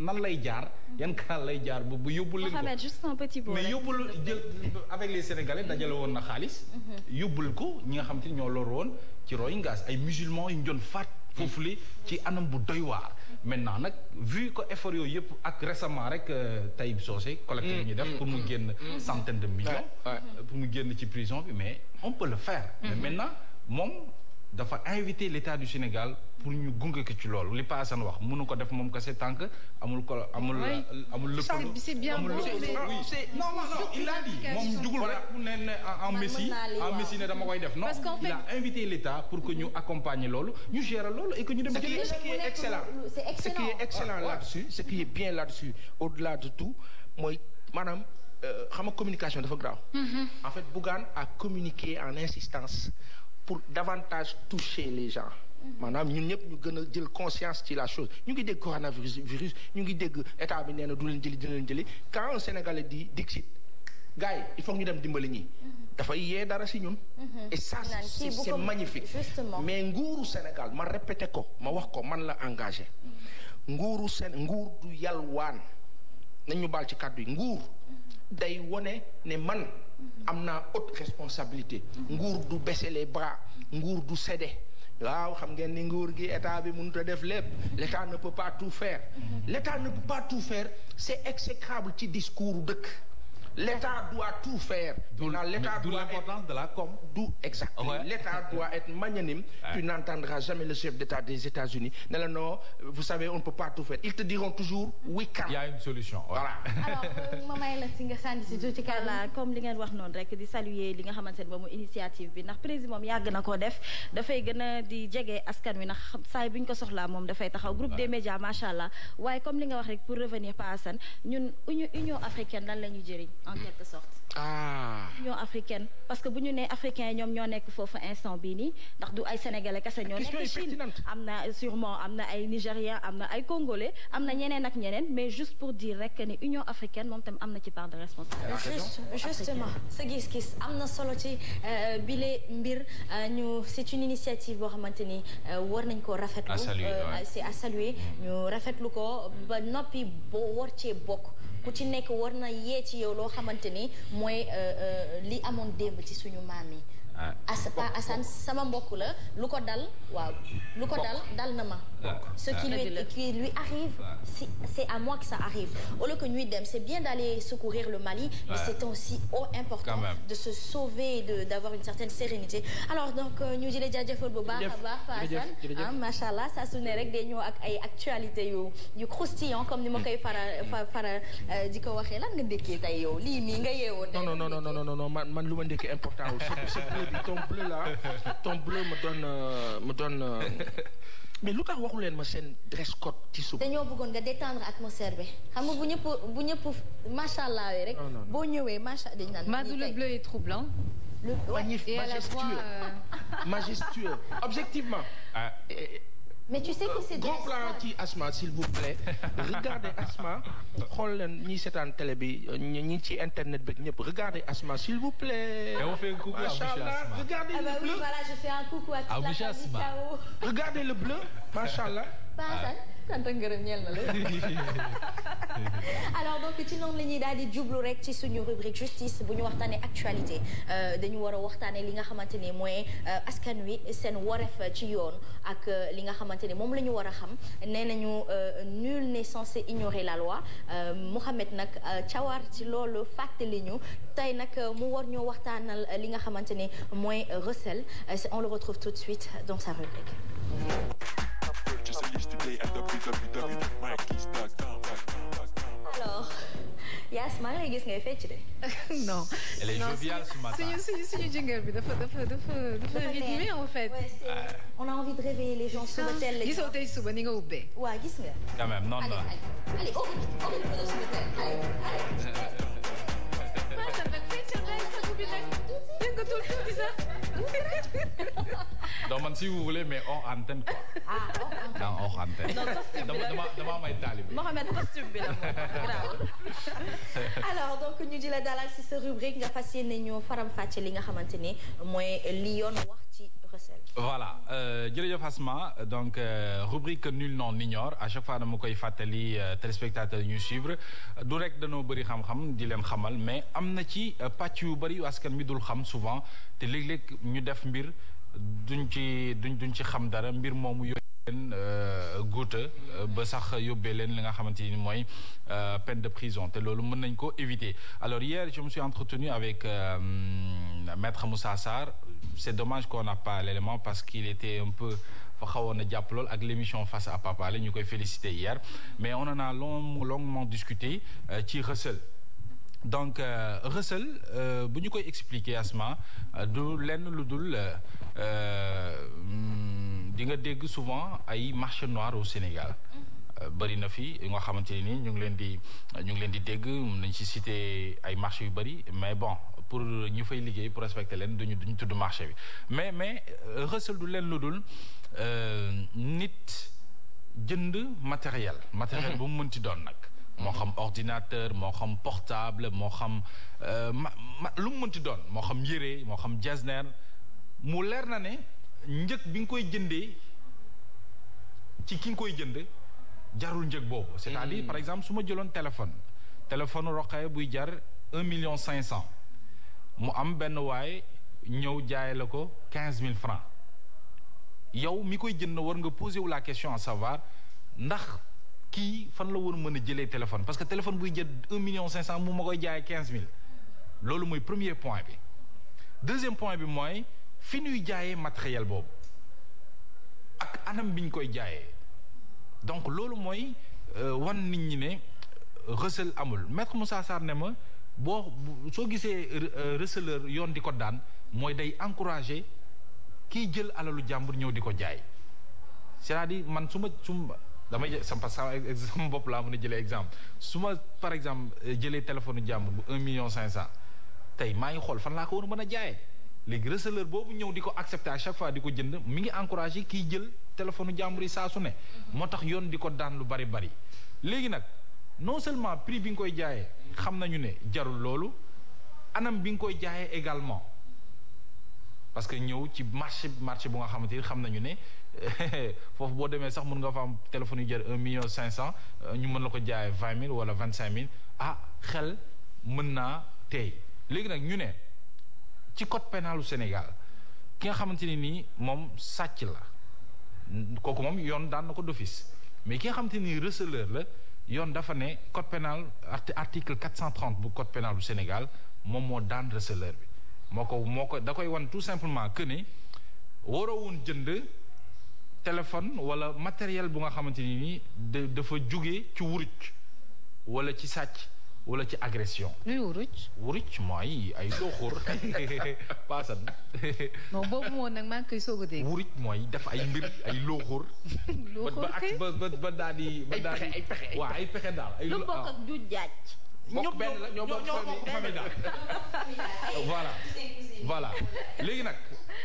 nan lay jaar yan kanal lay jaar bu bu yóbbul leen ko juste un petit mot mais yóbbul jël avec les sénégalais dajale woon na xaalis mhm. yóbbul ko ñi nga xam te ñoo lor woon ci Rohingyas ay musulmans yu ñu doon faat foofu li ci anam bu doy waar maintenant nag vu ko effort yooyu yëpp ak récemment rek euh, Taïb Socé collecte bi ñu def mm. pour mu mm. génn mm. centaine de millions pour mu génn ci prison bi mais on peut le faire mais mhm. maintenant moom dafa invité l'état du Sénégal pour ñu gunge ko ci loolu li Pa Assane wax mënu ko def moom kese tant que amul ko amul. amul lëkkaloo c'est bien bon mais non non non il a dit moom jugul rek mu ne en Messi en Messi ne dama koy def. non il a invité l'état pour que ñu accompagner loolu ñu gérer loolu et que ñu dem. ce qui est excellent ce qui est excellent là-dessus ce qui est bien là-dessus au-delà de tout mooy maanaam. Euh, xam nga communication dafa grave. Mm-hmm. en fait Bougane a communiqué en insistance pour davantage toucher les gens maanaam ñun ñëpp ñu gën a jël conscience ci la chose ñu ngi dégg coronavirus virus ñu ngi dégg état bi nee na du leen jëli dina leen jëli quand un Sénégalais di dixit gars yi il faut ñu dem dimbali ñi dafay yee dara si ñun mhm. et ça c'est magnifique Justement. mais nguuru Sénégal ma répété ko ma wax ko man la engagé nguuru Sénégal nguur du yalwaan nañ ñu baal ci kàddu yi nguur day wone ne man am na haute responsabilité nguur du baisser les bras nguur du céder waaw xam ngeen ni nguur gi état bi mënut a def lépp l' état ne peut pas tout faire l' état ne peut pas tout faire c' est ci discours dëkk L'État doit tout faire. D'où l'importance la com. D'où, exactement. Ouais. L'État doit être magnanime. Ouais. Tu n'entendras jamais le chef d'État des États-Unis. Non, non, vous savez, on ne peut pas tout faire. Ils te diront toujours, oui, car. Il une solution. Ouais. Voilà. Alors, euh, Maman si nga sànni si tuuti la comme li ngeen wax noonu rek di saluer li nga xamante ne moom initiative bi ndax président moom yàgg na koo def dafay gën a di jege askan wi ndax saa yi ko soxlaa moom dafay taxaw. groupe de média macha allah waaye comme li nga wax rek pour revenir Pa Assane ñun union africaine lan la ñu jëriñ en quelque sorte. ah. union africaine parce que bu ñu nee africain ñoom ñoo nekk foofu instant bii nii ndax du ay sénégalais kese ñoo nekk Chine am na sûrement am na ay nigérien am na ay congolais am na ñeneen ak ñeneen mais juste pour dire rek ni union africaine moom tam am na ci part de responsabilité. juste justement sa gis-gis am na solo ci euh, bile mbir euh, ñu c'est une initiative boo xamante ni euh, war nañ ko rafetlu. à c'est à saluer mm. ñu rafetlu ko ba noppi boo war cee bokk. ku ci nekk war na yee ci yow loo xamante ni mooy euh, euh, li amoon démb ci suñu maam yi. ah sama mbokk la lu ko dal waaw. lu ko dal dal na ma. ce qui lui, qui lui arrive c'est à moi que ça arrive au lieu que ñuy dem c'est bien d'aller secourir le Mali mais c'est aussi oh, important de se sauver de d'avoir une certaine sérénité alors donc ñu jëlee jaajëfal bu baax a baax Fassane macha allah saa su ne rek day ñëw ak ay actualité yu yu croustillant comme ni ma koy fara fara euh, di ko waxee lan nga ndékkee tey yow lii nii nga yeewoon non non non non non non man man lu ma ndékkee important wu ce bleu là ton bleu me donne euh, me donne euh, mais lu tax waxu leen ma seen dress code ci suba. dañoo bëggoon nga détendre atmosphère bi xam nga bu ñëpp bu ñëpp macha allah rek. boo ñëwee macha dañu naan. Madou le bleu est troublant. le majestueux euh, majestueux objectivement. ah. mais tu sais que c'est gros plan ci Asma s'il vous plaît regardez Asma xool leen ñi seetaan télé bi ñi ci internet bi ñëpp regardez Asma s'il vous plaît. et on fait un coucou à Asma regardez le ah bleu oui, voilà je fais un coucou à toute la famille Regardez le bleu sant ak ngërëm ñeel na la alors ci noonu la ñuy daal di jublu rek ci suñu rubrique justice bu ñu waxtaanee actualité euh, dañu war a waxtaanee li nga xamante ni mooy euh, askan wi seen wareef ci yoon ak euh, li nga xamante ni moom la ñu war a xam nee nañu nul n'est censé ignorer la loi Mouhamed nag cawar ci loolu fàttali ñu tey nag mu war ñoo waxtaanal li nga xamante ni mooy recel on le retrouve tout de suite dans sa rubrique page today at www.mikeys.com. alors Yaas maa ngi lay gis ngay fecc de. non elle est joviale ce matin. suñu suñu suñu jingle bi dafa dafa dafa dafa rythmé en fait. Ah. on a envie de réveiller les gens suba teel la. gisoo tey suba ni nga ubbee. waaw gis nga. quand même non non. allez allez allez. donc man si vous voulez mais hors antenne quoi. ah hors antenne non hors antenne. non costume bi la may taalibe. Mohamed costume bi la alors donc ñu di la nga xamante ni mooy li yoon wax ci recel. voilà euh, jërëjëf donc euh, rubrique nul n'en ignore à chaque fois dama koy fàttali euh, téléspectateurs ñu suivre du rek danoo bari xam-xam di leen xamal mais am na ci pàcc yu bëri yu askan mi dul xam souvent te léeg ñu def mbir duñ ci duñ duñ ci xam dara mbir moomu yóbbee leen euh, guuta euh, ba sax yóbbee leen li nga xamante ni mooy euh, peine de prison te loolu mën nañ ko éviter alors hier je me suis entretenu avec euh, maître Moussa Sarr c'est dommage qu'on n'a pas l'élément parce qu'il était un peu xawoon a jàpp lool ak mission face à Papa la ñu koy féliciter hier mais on en longuement discuté ci Rëssël donc euh, recel euh, bu ñu koy expliquer asma euh, du lenn lu dul di nga dégg souvent ay marché noir au Sénégal bëri na fi nga xamante ne ni ñu ngi leen di ñu ngi leen di dégg nañ ci cité ay marché yu bari mais bon pour ñu fay liggéey pour respecter leen duñu duñu tudd marché bi mais mais recel du lenn lu dul nit jënd matériel matériel mhm. bu mu mënti doon nag moo xam ordinateur moo xam portable moo xam euh, ma ma lu mu mënti doon moo xam yére moo xam jasner mu leer na ne njëg bi nga koy jëndee ci ki nga koy jënd jarul njëg boobu. c'est-à-dire mm. par exemple su ma jëloon téléphone téléphone roqee buy jar million cinq cent mu am benn waay ñëw jaay la ko quinze mille francs yow mi koy jënd war nga posé wu la question à savoir ndax. kii fan la woon mën a jëlee téléphone parce que téléphone buy jël un million cinq cent mu ma koy jaay quinze mille loolu mooy premier point bi deuxième point bi mooy fi ñuy jaayee matériel boobu ak anam bi ñu koy jaayee donc loolu mooy euh, wan nit ñi ne euh, recel amul maître Moussa Sarr ne ma boo soo gisee euh, receleur yoon di ko daan mooy day encourager kiy jël alalu jàmbur ñëw di ko jaay c'est-à-dire man su ma su damay jël sama sama bopp laa mën a jëlee exemple su ma par exemple euh, jëlee téléphone jàmbur bu un million cinq cent tey maa ngi xool fan laa ko war a mën a jaaye léegi receleur boobu ñëw di ko accepter à chaque fois di ko jënd mu ngi encouragé kiy jël téléphone jàmbur yi saa su ne. Mhm. moo tax yoon di ko daan lu bari bari. léegi nag non seulement prix bi nga koy jaaye xam nañu ne jarul loolu anam bi nga koy jaayee également. parce que ñëw ci marché marché bu nga xamante ni xam nañu ne foofu boo demee sax mun nga fa am téléphone yu jar un million cinq cent euh, ñu mën na ko jaayee vingt mille wala vingt cinq mille ah xel mën naa tey léegi nag ñu ne ci code pénalu Sénégal ki nga xamante ni nii moom sàcc la kooku moom yoon daan na ko d'office mais ki nga xamante ni receleur la yoon dafa ne code pénal article quatre cent trente bu code pénal Sénégal moom moo daan receleur bi moo ko moo ko da koy wan tout simplement que ni waroo woon jënd téléphone walla matériel bu nga xamante ni nii dafa jóge ci wuruj wala ci sàcc walla ci agression. luy wuruj. wuruj mooy ay dooxóor paasan. moo def ay mbir ay looxóor. looxóor ba ba ba daal di. ba daal ay pexe ay pexe ay pexe daal. lu bokk ak ah. du jaaj. ñoo benn la ñoo bokk famille daal euh, voilà léegi nag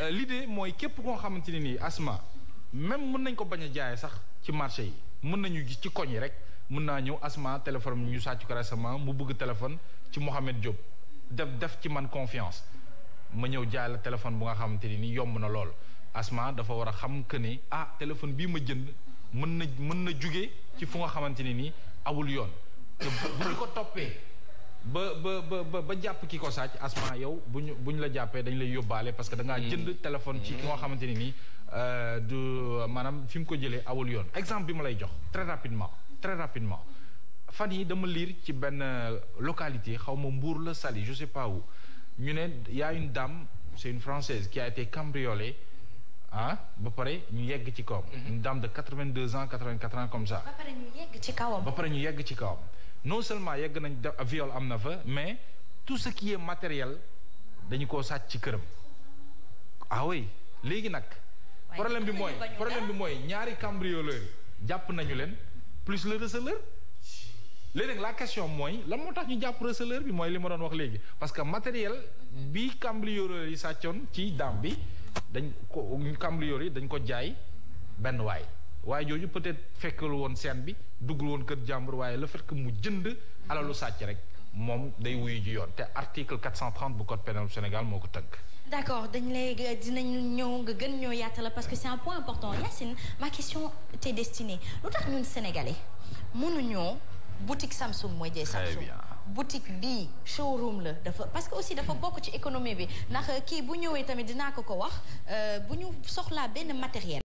euh, lii de mooy képp koo xamante ne nii asma même mun nañ ko bañ a jaay sax ci marché yi mën nañu gis ci koñ yi rek mën naa ñëw asma téléphone ñu sàcc ko récemment mu bëgg téléphone ci Mouhamed Diop def def ci man confiance ma ñëw jaay téléphone bu nga xamante ne nii yomb na lool asma dafa war a xam que ni ah téléphone bii ma jënd mën na mën na jóge ci fu nga xamante ne nii awul yoon bu ñu ko toppee ba ba ba ba jàpp ki ko sàcc asma yow bu ñu bu ñu la jàppee dañ lay yóbbaale parce que dangaa hmm. jënd téléphone ci ki nga xamante ne nii euh, du maanaam fi mu ko jëlee awul yoon exemple bi ma lay jox très rapidement très rapidement fan yi dama liir ci benn euh, localité xaw ma mbuur la Saly je sais pas où ñu ne y a une dame c'est une française qui a été cambriolée ah ba pare ñu yegg ci kawam. Mhm. une dame de deux ans quatre vingt quatre ans ci kawam. ba pare ñu yegg ci kawam non seulement yegg nañ def viol am na fa mais tout ce qui est matériel dañu koo sàcc ci këram. ah léegi nag. problème bi mooy problème bi mooy ñaari cambrioleur jàpp nañu leen plus le receleur. léegi nag la question mooy la moo tax ñu jàpp receleur bi mooy li ma doon wax léegi parce que matériel bi cambrioleur yi sàccoon ci dame bi. dañ ko cambrioleur yi dañ ko jaay benn waay waaye jooju peut-être fekkul woon seen bi duggul woon kër jàmbur waaye la fait que mu jënd alalu sàcc rek moom day wuyu ju yoon te article 430 bu code pénal bu Sénégal moo ko tënk. d'accord dañ lay dinañu ñëw nga gën ñoo yaatal parce que c'est un point important Yacine ma question t'est destinée lu tax ñun sénégalais mënuñoo boutique Samsung mooy jëy Samsung. boutique bi showroom la dafa parce que aussi dafa bokk ci économie bi ndax kii bu ñëwee tamit dinaa ko ko wax euh, bu ñu soxlaa benn matériel